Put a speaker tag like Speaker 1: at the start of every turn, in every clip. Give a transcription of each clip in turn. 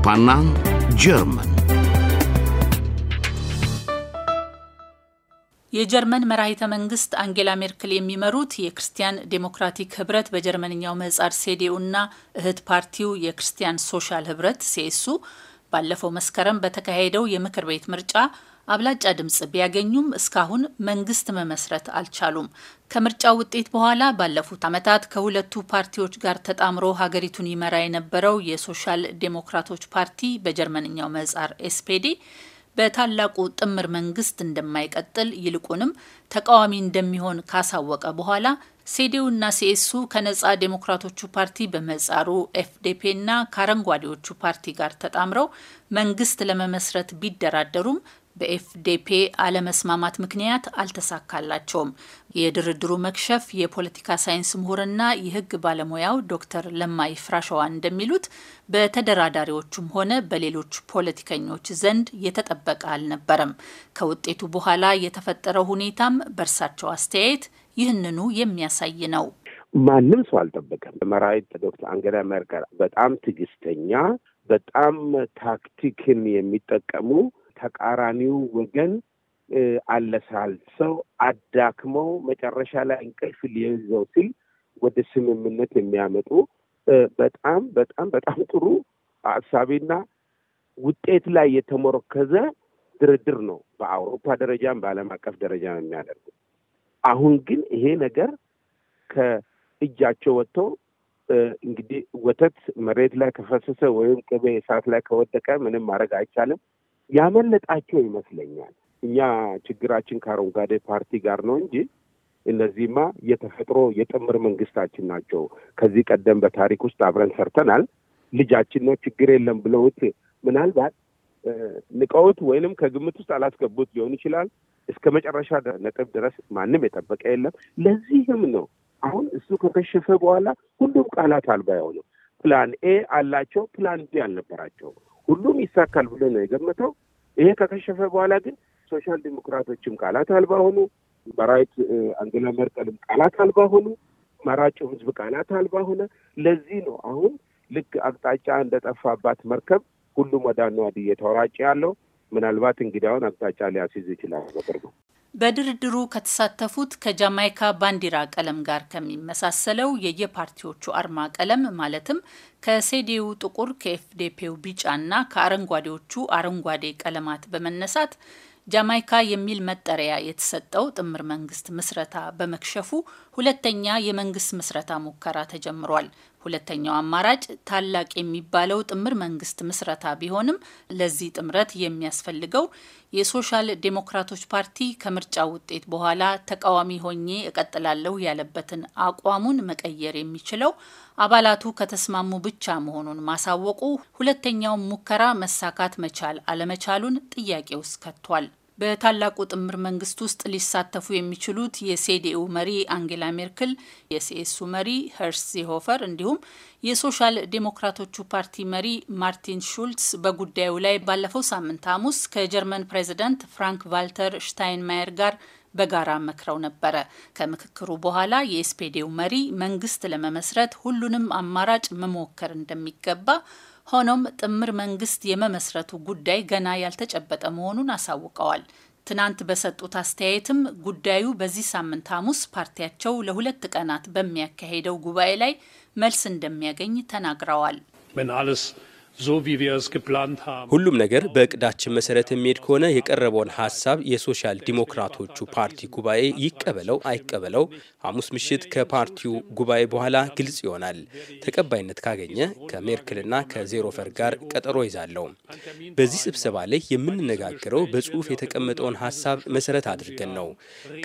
Speaker 1: አውሮፓና ጀርመን
Speaker 2: የጀርመን መራሂተ መንግስት አንጌላ ሜርክል የሚመሩት የክርስቲያን ዴሞክራቲክ ህብረት በጀርመንኛው ምህጻር ሴዲኡ እህት ፓርቲው የክርስቲያን ሶሻል ህብረት ሴሱ ባለፈው መስከረም በተካሄደው የምክር ቤት ምርጫ አብላጫ ድምፅ ቢያገኙም እስካሁን መንግስት መመስረት አልቻሉም። ከምርጫው ውጤት በኋላ ባለፉት ዓመታት ከሁለቱ ፓርቲዎች ጋር ተጣምሮ ሀገሪቱን ይመራ የነበረው የሶሻል ዴሞክራቶች ፓርቲ በጀርመንኛው ምህጻር ኤስፔዲ በታላቁ ጥምር መንግስት እንደማይቀጥል ይልቁንም ተቃዋሚ እንደሚሆን ካሳወቀ በኋላ ሴዲው እና ሲኤሱ ከነጻ ዴሞክራቶቹ ፓርቲ በመጻሩ ኤፍዴፔ እና ከአረንጓዴዎቹ ፓርቲ ጋር ተጣምረው መንግስት ለመመስረት ቢደራደሩም በኤፍዴፔ አለመስማማት ምክንያት አልተሳካላቸውም። የድርድሩ መክሸፍ የፖለቲካ ሳይንስ ምሁርና የህግ ባለሙያው ዶክተር ለማይ ፍራሸዋ እንደሚሉት በተደራዳሪዎቹም ሆነ በሌሎች ፖለቲከኞች ዘንድ የተጠበቀ አልነበረም። ከውጤቱ በኋላ የተፈጠረው ሁኔታም በእርሳቸው አስተያየት ይህንኑ የሚያሳይ ነው።
Speaker 1: ማንም ሰው አልጠበቀም። መራዊት ዶክተር አንገላ መርከል በጣም ትዕግስተኛ፣ በጣም ታክቲክን የሚጠቀሙ ተቃራኒው ወገን አለሳልሰው አዳክመው መጨረሻ ላይ እንቅልፍ ሊይዘው ሲል ወደ ስምምነት የሚያመጡ በጣም በጣም በጣም ጥሩ አሳቢና ውጤት ላይ የተሞረከዘ ድርድር ነው። በአውሮፓ ደረጃም በዓለም አቀፍ ደረጃ ነው የሚያደርጉት። አሁን ግን ይሄ ነገር ከእጃቸው ወጥቶ እንግዲህ ወተት መሬት ላይ ከፈሰሰ ወይም ቅቤ እሳት ላይ ከወደቀ ምንም ማድረግ አይቻልም። ያመለጣቸው ይመስለኛል። እኛ ችግራችን ከአረንጓዴ ፓርቲ ጋር ነው እንጂ እነዚህማ የተፈጥሮ የጥምር መንግስታችን ናቸው። ከዚህ ቀደም በታሪክ ውስጥ አብረን ሰርተናል። ልጃችን ነው ችግር የለም ብለውት ምናልባት ንቀውት ወይንም ከግምት ውስጥ አላስገቡት ሊሆን ይችላል። እስከ መጨረሻ ነጥብ ድረስ ማንም የጠበቀ የለም። ለዚህም ነው አሁን እሱ ከከሸፈ በኋላ ሁሉም ቃላት አልባ የሆነው። ፕላን ኤ አላቸው፣ ፕላን ቢ አልነበራቸው። ሁሉም ይሳካል ብሎ ነው የገመተው። ይሄ ከከሸፈ በኋላ ግን ሶሻል ዲሞክራቶችም ቃላት አልባ ሆኑ፣ መራዊት አንግላ መርቀልም ቃላት አልባ ሆኑ፣ መራጩ ህዝብ ቃላት አልባ ሆነ። ለዚህ ነው አሁን ልክ አቅጣጫ እንደጠፋባት መርከብ ሁሉም ወደ ነዋዲ እየተወራጨ ያለው። ምናልባት እንግዲያውን አቅጣጫ ሊያስይዝ ይችላል በቅርቡ።
Speaker 2: በድርድሩ ከተሳተፉት ከጃማይካ ባንዲራ ቀለም ጋር ከሚመሳሰለው የየፓርቲዎቹ አርማ ቀለም ማለትም ከሴዴው ጥቁር፣ ከኤፍዴፔው ቢጫና ከአረንጓዴዎቹ አረንጓዴ ቀለማት በመነሳት ጃማይካ የሚል መጠሪያ የተሰጠው ጥምር መንግስት ምስረታ በመክሸፉ ሁለተኛ የመንግስት ምስረታ ሙከራ ተጀምሯል። ሁለተኛው አማራጭ ታላቅ የሚባለው ጥምር መንግስት ምስረታ ቢሆንም ለዚህ ጥምረት የሚያስፈልገው የሶሻል ዴሞክራቶች ፓርቲ ከምርጫ ውጤት በኋላ ተቃዋሚ ሆኜ እቀጥላለሁ ያለበትን አቋሙን መቀየር የሚችለው አባላቱ ከተስማሙ ብቻ መሆኑን ማሳወቁ ሁለተኛውን ሙከራ መሳካት መቻል አለመቻሉን ጥያቄ ውስጥ ከቷል። በታላቁ ጥምር መንግስት ውስጥ ሊሳተፉ የሚችሉት የሴዲኡ መሪ አንጌላ ሜርክል፣ የሲኤሱ መሪ ሄርስ ዜሆፈር እንዲሁም የሶሻል ዴሞክራቶቹ ፓርቲ መሪ ማርቲን ሹልትስ በጉዳዩ ላይ ባለፈው ሳምንት ሐሙስ ከጀርመን ፕሬዚደንት ፍራንክ ቫልተር ሽታይንማየር ጋር በጋራ መክረው ነበረ። ከምክክሩ በኋላ የኤስፔዴው መሪ መንግስት ለመመስረት ሁሉንም አማራጭ መሞከር እንደሚገባ ሆኖም ጥምር መንግስት የመመስረቱ ጉዳይ ገና ያልተጨበጠ መሆኑን አሳውቀዋል። ትናንት በሰጡት አስተያየትም ጉዳዩ በዚህ ሳምንት ሐሙስ ፓርቲያቸው ለሁለት ቀናት በሚያካሄደው ጉባኤ ላይ መልስ እንደሚያገኝ ተናግረዋል።
Speaker 3: ሁሉም ነገር በእቅዳችን መሰረት የሚሄድ ከሆነ የቀረበውን ሀሳብ የሶሻል ዲሞክራቶቹ ፓርቲ ጉባኤ ይቀበለው አይቀበለው ሐሙስ ምሽት ከፓርቲው ጉባኤ በኋላ ግልጽ ይሆናል። ተቀባይነት ካገኘ ከሜርክልና ከዜሮፈር ጋር ቀጠሮ ይዛለው በዚህ ስብሰባ ላይ የምንነጋገረው በጽሁፍ የተቀመጠውን ሀሳብ መሰረት አድርገን ነው።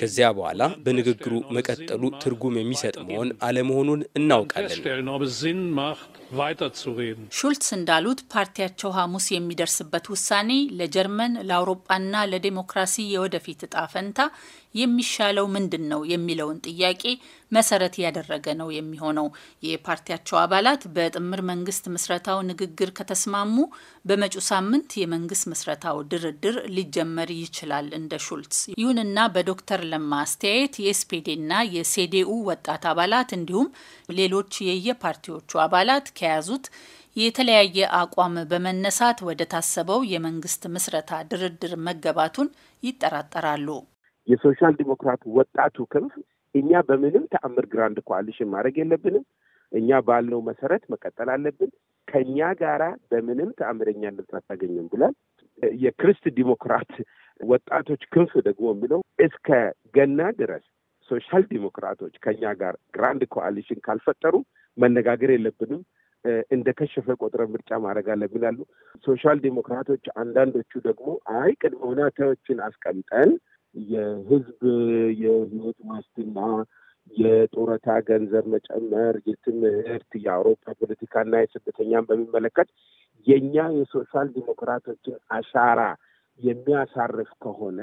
Speaker 3: ከዚያ በኋላ በንግግሩ መቀጠሉ ትርጉም የሚሰጥ መሆን አለመሆኑን እናውቃለን።
Speaker 2: ሹልትስ እንዳ እንዳሉት ፓርቲያቸው ሐሙስ የሚደርስበት ውሳኔ ለጀርመን ለአውሮጳና ለዴሞክራሲ የወደፊት እጣ ፈንታ የሚሻለው ምንድን ነው የሚለውን ጥያቄ መሰረት ያደረገ ነው የሚሆነው። የፓርቲያቸው አባላት በጥምር መንግስት ምስረታው ንግግር ከተስማሙ በመጪው ሳምንት የመንግስት ምስረታው ድርድር ሊጀመር ይችላል እንደ ሹልትስ። ይሁንና በዶክተር ለማ አስተያየት የኤስፔዴና የሴዴኡ ወጣት አባላት እንዲሁም ሌሎች የየፓርቲዎቹ አባላት ከያዙት የተለያየ አቋም በመነሳት ወደ ታሰበው የመንግስት ምስረታ ድርድር መገባቱን ይጠራጠራሉ።
Speaker 1: የሶሻል ዲሞክራት ወጣቱ ክንፍ እኛ በምንም ተአምር ግራንድ ኮአሊሽን ማድረግ የለብንም፣ እኛ ባልነው መሰረት መቀጠል አለብን፣ ከእኛ ጋራ በምንም ተአምረኛ ልብት አታገኝም ብሏል። የክርስት ዲሞክራት ወጣቶች ክንፍ ደግሞ የሚለው እስከ ገና ድረስ ሶሻል ዲሞክራቶች ከእኛ ጋር ግራንድ ኮአሊሽን ካልፈጠሩ መነጋገር የለብንም እንደ ከሸፈ ቆጥረ ምርጫ ማድረግ አለብን አሉ። ሶሻል ዲሞክራቶች አንዳንዶቹ ደግሞ አይ ቅድመ ሁኔታዎችን አስቀምጠን የህዝብ የህይወት ዋስትና፣ የጡረታ ገንዘብ መጨመር፣ የትምህርት፣ የአውሮፓ ፖለቲካና የስደተኛን በሚመለከት የእኛ የሶሻል ዲሞክራቶችን አሻራ የሚያሳርፍ ከሆነ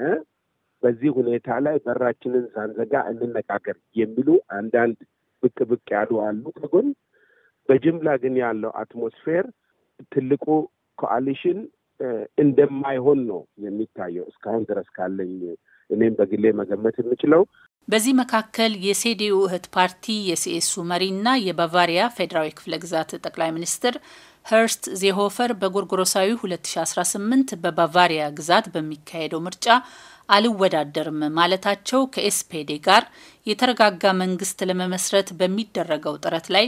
Speaker 1: በዚህ ሁኔታ ላይ በራችንን ሳንዘጋ እንነጋገር የሚሉ አንዳንድ ብቅ ብቅ ያሉ አሉ። ከጎን በጅምላ ግን ያለው አትሞስፌር ትልቁ ኮአሊሽን እንደማይሆን ነው የሚታየው እስካሁን ድረስ ካለኝ እኔም በግሌ መገመት የምችለው።
Speaker 2: በዚህ መካከል የሴዲኡ እህት ፓርቲ የሲኤሱ መሪና የባቫሪያ ፌዴራዊ ክፍለ ግዛት ጠቅላይ ሚኒስትር ሄርስት ዜሆፈር በጎርጎሮሳዊ 2018 በባቫሪያ ግዛት በሚካሄደው ምርጫ አልወዳደርም ማለታቸው ከኤስፔዴ ጋር የተረጋጋ መንግስት ለመመስረት በሚደረገው ጥረት ላይ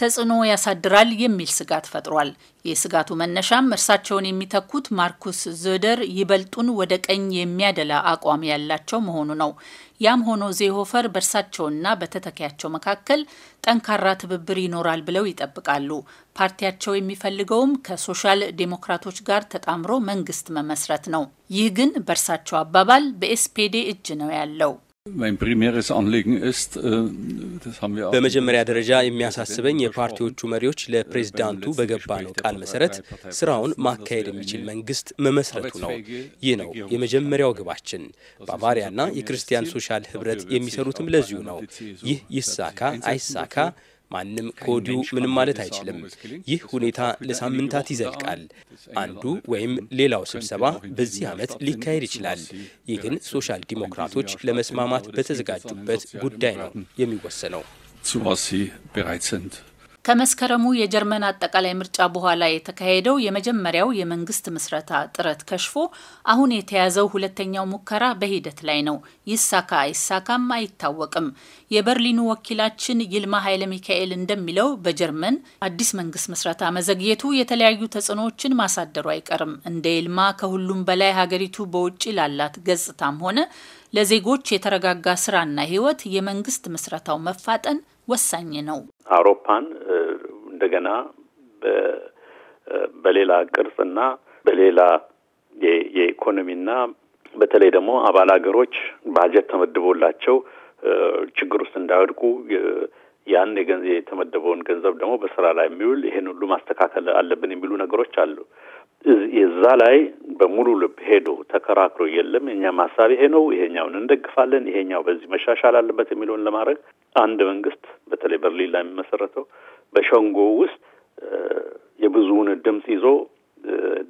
Speaker 2: ተጽዕኖ ያሳድራል የሚል ስጋት ፈጥሯል። የስጋቱ መነሻም እርሳቸውን የሚተኩት ማርኩስ ዞደር ይበልጡን ወደ ቀኝ የሚያደላ አቋም ያላቸው መሆኑ ነው። ያም ሆኖ ዜሆፈር በእርሳቸውና በተተኪያቸው መካከል ጠንካራ ትብብር ይኖራል ብለው ይጠብቃሉ። ፓርቲያቸው የሚፈልገውም ከሶሻል ዴሞክራቶች ጋር ተጣምሮ መንግስት መመስረት ነው። ይህ ግን በእርሳቸው አባባል በኤስፔዴ እጅ ነው ያለው።
Speaker 4: Äh,
Speaker 3: በመጀመሪያ ደረጃ የሚያሳስበኝ የፓርቲዎቹ መሪዎች ለፕሬዝዳንቱ በገባነው ቃል መሰረት ስራውን ማካሄድ የሚችል መንግስት መመስረቱ ነው። ይህ ነው የመጀመሪያው ግባችን። ባቫሪያና የክርስቲያን ሶሻል ህብረት የሚሰሩትም ለዚሁ ነው። ይህ ይሳካ አይሳካ ማንም ከወዲሁ ምንም ማለት አይችልም። ይህ ሁኔታ ለሳምንታት ይዘልቃል። አንዱ ወይም ሌላው ስብሰባ በዚህ ዓመት ሊካሄድ ይችላል። ይህ ግን ሶሻል ዲሞክራቶች ለመስማማት በተዘጋጁበት ጉዳይ ነው የሚወሰነው።
Speaker 2: ከመስከረሙ የጀርመን አጠቃላይ ምርጫ በኋላ የተካሄደው የመጀመሪያው የመንግስት ምስረታ ጥረት ከሽፎ አሁን የተያዘው ሁለተኛው ሙከራ በሂደት ላይ ነው። ይሳካ አይሳካም አይታወቅም። የበርሊኑ ወኪላችን ይልማ ኃይለ ሚካኤል እንደሚለው በጀርመን አዲስ መንግስት ምስረታ መዘግየቱ የተለያዩ ተጽዕኖዎችን ማሳደሩ አይቀርም። እንደ ይልማ ከሁሉም በላይ ሀገሪቱ በውጭ ላላት ገጽታም ሆነ ለዜጎች የተረጋጋ ስራና ህይወት የመንግስት ምስረታው መፋጠን ወሳኝ ነው።
Speaker 4: አውሮፓን እንደገና በሌላ ቅርጽና በሌላ የኢኮኖሚና በተለይ ደግሞ አባል ሀገሮች ባጀት ተመድቦላቸው ችግር ውስጥ እንዳይወድቁ ያን የተመደበውን ገንዘብ ደግሞ በስራ ላይ የሚውል ይሄን ሁሉ ማስተካከል አለብን የሚሉ ነገሮች አሉ። የዛ ላይ በሙሉ ልብ ሄዶ ተከራክሮ የለም የኛም ሀሳብ ይሄ ነው፣ ይሄኛውን እንደግፋለን፣ ይሄኛው በዚህ መሻሻል አለበት የሚለውን ለማድረግ አንድ መንግስት በተለይ በርሊን ላይ የሚመሰረተው በሸንጎ ውስጥ የብዙውን ድምፅ ይዞ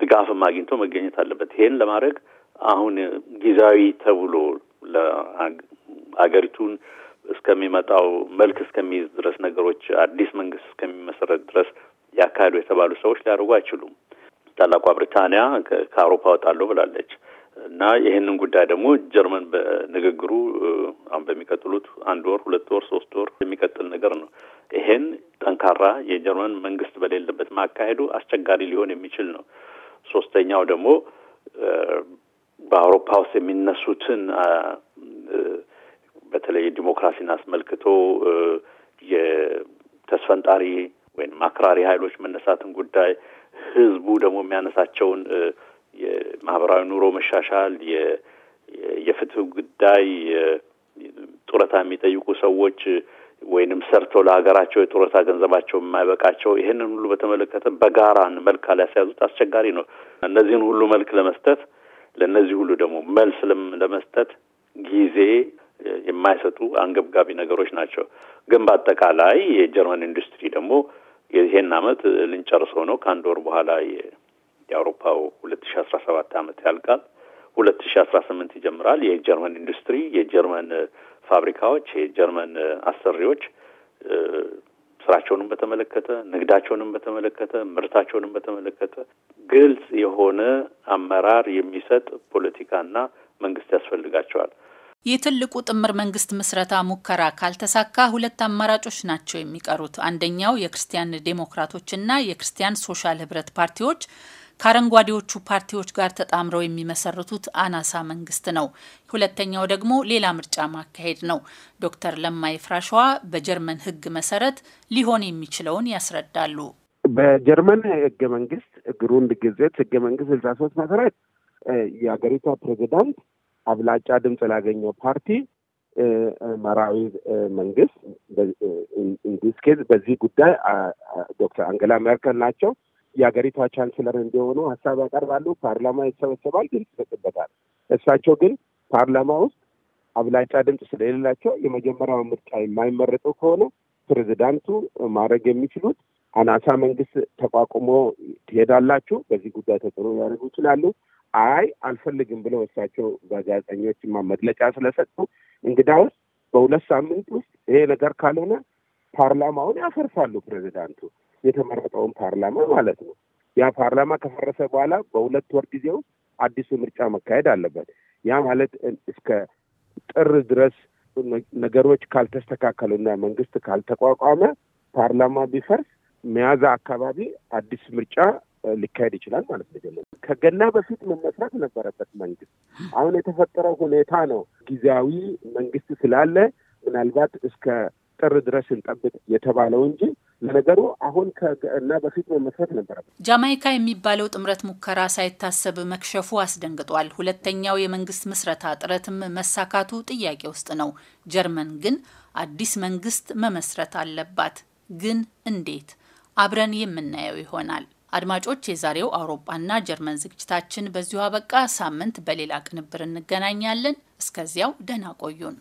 Speaker 4: ድጋፍም አግኝቶ መገኘት አለበት። ይሄን ለማድረግ አሁን ጊዜያዊ ተብሎ ለአገሪቱን እስከሚመጣው መልክ እስከሚይዝ ድረስ ነገሮች አዲስ መንግስት እስከሚመሰረት ድረስ ያካሄዱ የተባሉ ሰዎች ሊያደርጉ አይችሉም። ታላቋ ብሪታንያ ከአውሮፓ እወጣለሁ ብላለች እና ይህንን ጉዳይ ደግሞ ጀርመን በንግግሩ አሁን በሚቀጥሉት አንድ ወር፣ ሁለት ወር፣ ሶስት ወር የሚቀጥል ነገር ነው። ይሄን ጠንካራ የጀርመን መንግስት በሌለበት ማካሄዱ አስቸጋሪ ሊሆን የሚችል ነው። ሶስተኛው ደግሞ በአውሮፓ ውስጥ የሚነሱትን በተለይ ዲሞክራሲን አስመልክቶ የተስፈንጣሪ ወይም አክራሪ ኃይሎች መነሳትን ጉዳይ ህዝቡ ደግሞ የሚያነሳቸውን የማህበራዊ ኑሮ መሻሻል፣ የፍትህ ጉዳይ፣ ጡረታ የሚጠይቁ ሰዎች ወይንም ሰርቶ ለሀገራቸው የጡረታ ገንዘባቸው የማይበቃቸው ይህንን ሁሉ በተመለከተ በጋራ መልክ አላስያዙት አስቸጋሪ ነው። እነዚህን ሁሉ መልክ ለመስጠት ለእነዚህ ሁሉ ደግሞ መልስ ለመስጠት ጊዜ የማይሰጡ አንገብጋቢ ነገሮች ናቸው። ግን በአጠቃላይ የጀርመን ኢንዱስትሪ ደግሞ ይሄን አመት ልንጨርሰው ነው። ከአንድ ወር በኋላ የአውሮፓው ሁለት ሺ አስራ ሰባት አመት ያልቃል። ሁለት ሺ አስራ ስምንት ይጀምራል። የጀርመን ኢንዱስትሪ፣ የጀርመን ፋብሪካዎች፣ የጀርመን አሰሪዎች ስራቸውንም በተመለከተ ንግዳቸውንም በተመለከተ ምርታቸውንም በተመለከተ ግልጽ የሆነ አመራር የሚሰጥ ፖለቲካና መንግስት ያስፈልጋቸዋል።
Speaker 2: የትልቁ ጥምር መንግስት ምስረታ ሙከራ ካልተሳካ ሁለት አማራጮች ናቸው የሚቀሩት። አንደኛው የክርስቲያን ዴሞክራቶችና የክርስቲያን ሶሻል ህብረት ፓርቲዎች ከአረንጓዴዎቹ ፓርቲዎች ጋር ተጣምረው የሚመሰርቱት አናሳ መንግስት ነው። ሁለተኛው ደግሞ ሌላ ምርጫ ማካሄድ ነው። ዶክተር ለማይ ፍራሸዋ በጀርመን ህግ መሰረት ሊሆን የሚችለውን ያስረዳሉ።
Speaker 1: በጀርመን ህገ መንግስት ግሩንድ ጊዜት ህገ መንግስት ስልሳ ሶስት መሰረት የሀገሪቷ ፕሬዚዳንት አብላጫ ድምፅ ላገኘው ፓርቲ መራዊ መንግስት ኢንዲስ ኬዝ በዚህ ጉዳይ ዶክተር አንገላ ሜርከል ናቸው። የሀገሪቷ ቻንስለር እንዲሆኑ ሀሳብ ያቀርባሉ። ፓርላማ ይሰበሰባል፣ ድምፅ ይሰጥበታል። እሳቸው ግን ፓርላማ ውስጥ አብላጫ ድምፅ ስለሌላቸው የመጀመሪያው ምርጫ የማይመረጡ ከሆነ ፕሬዚዳንቱ ማድረግ የሚችሉት አናሳ መንግስት ተቋቁሞ ትሄዳላችሁ፣ በዚህ ጉዳይ ተጽዕኖ ሊያደርጉ ይችላሉ አይ አልፈልግም ብለው እሳቸው ጋዜጠኞችማ መግለጫ ስለሰጡ እንግዳውስ በሁለት ሳምንት ውስጥ ይሄ ነገር ካልሆነ ፓርላማውን ያፈርሳሉ ፕሬዚዳንቱ የተመረጠውን ፓርላማ ማለት ነው። ያ ፓርላማ ከፈረሰ በኋላ በሁለት ወር ጊዜ ውስጥ አዲሱ ምርጫ መካሄድ አለበት። ያ ማለት እስከ ጥር ድረስ ነገሮች ካልተስተካከሉና መንግስት ካልተቋቋመ ፓርላማ ቢፈርስ መያዛ አካባቢ አዲስ ምርጫ ሊካሄድ ይችላል ማለት ነው። ከገና በፊት መመስረት ነበረበት መንግስት። አሁን የተፈጠረው ሁኔታ ነው ጊዜያዊ መንግስት ስላለ ምናልባት እስከ ጥር ድረስ እንጠብቅ የተባለው እንጂ ለነገሩ አሁን ከገና በፊት መመስረት ነበረበት።
Speaker 2: ጃማይካ የሚባለው ጥምረት ሙከራ ሳይታሰብ መክሸፉ አስደንግጧል። ሁለተኛው የመንግስት ምስረታ ጥረትም መሳካቱ ጥያቄ ውስጥ ነው። ጀርመን ግን አዲስ መንግስት መመስረት አለባት። ግን እንዴት አብረን የምናየው ይሆናል። አድማጮች፣ የዛሬው አውሮፓና ጀርመን ዝግጅታችን በዚሁ አበቃ። ሳምንት በሌላ ቅንብር እንገናኛለን። እስከዚያው ደህና ቆዩን።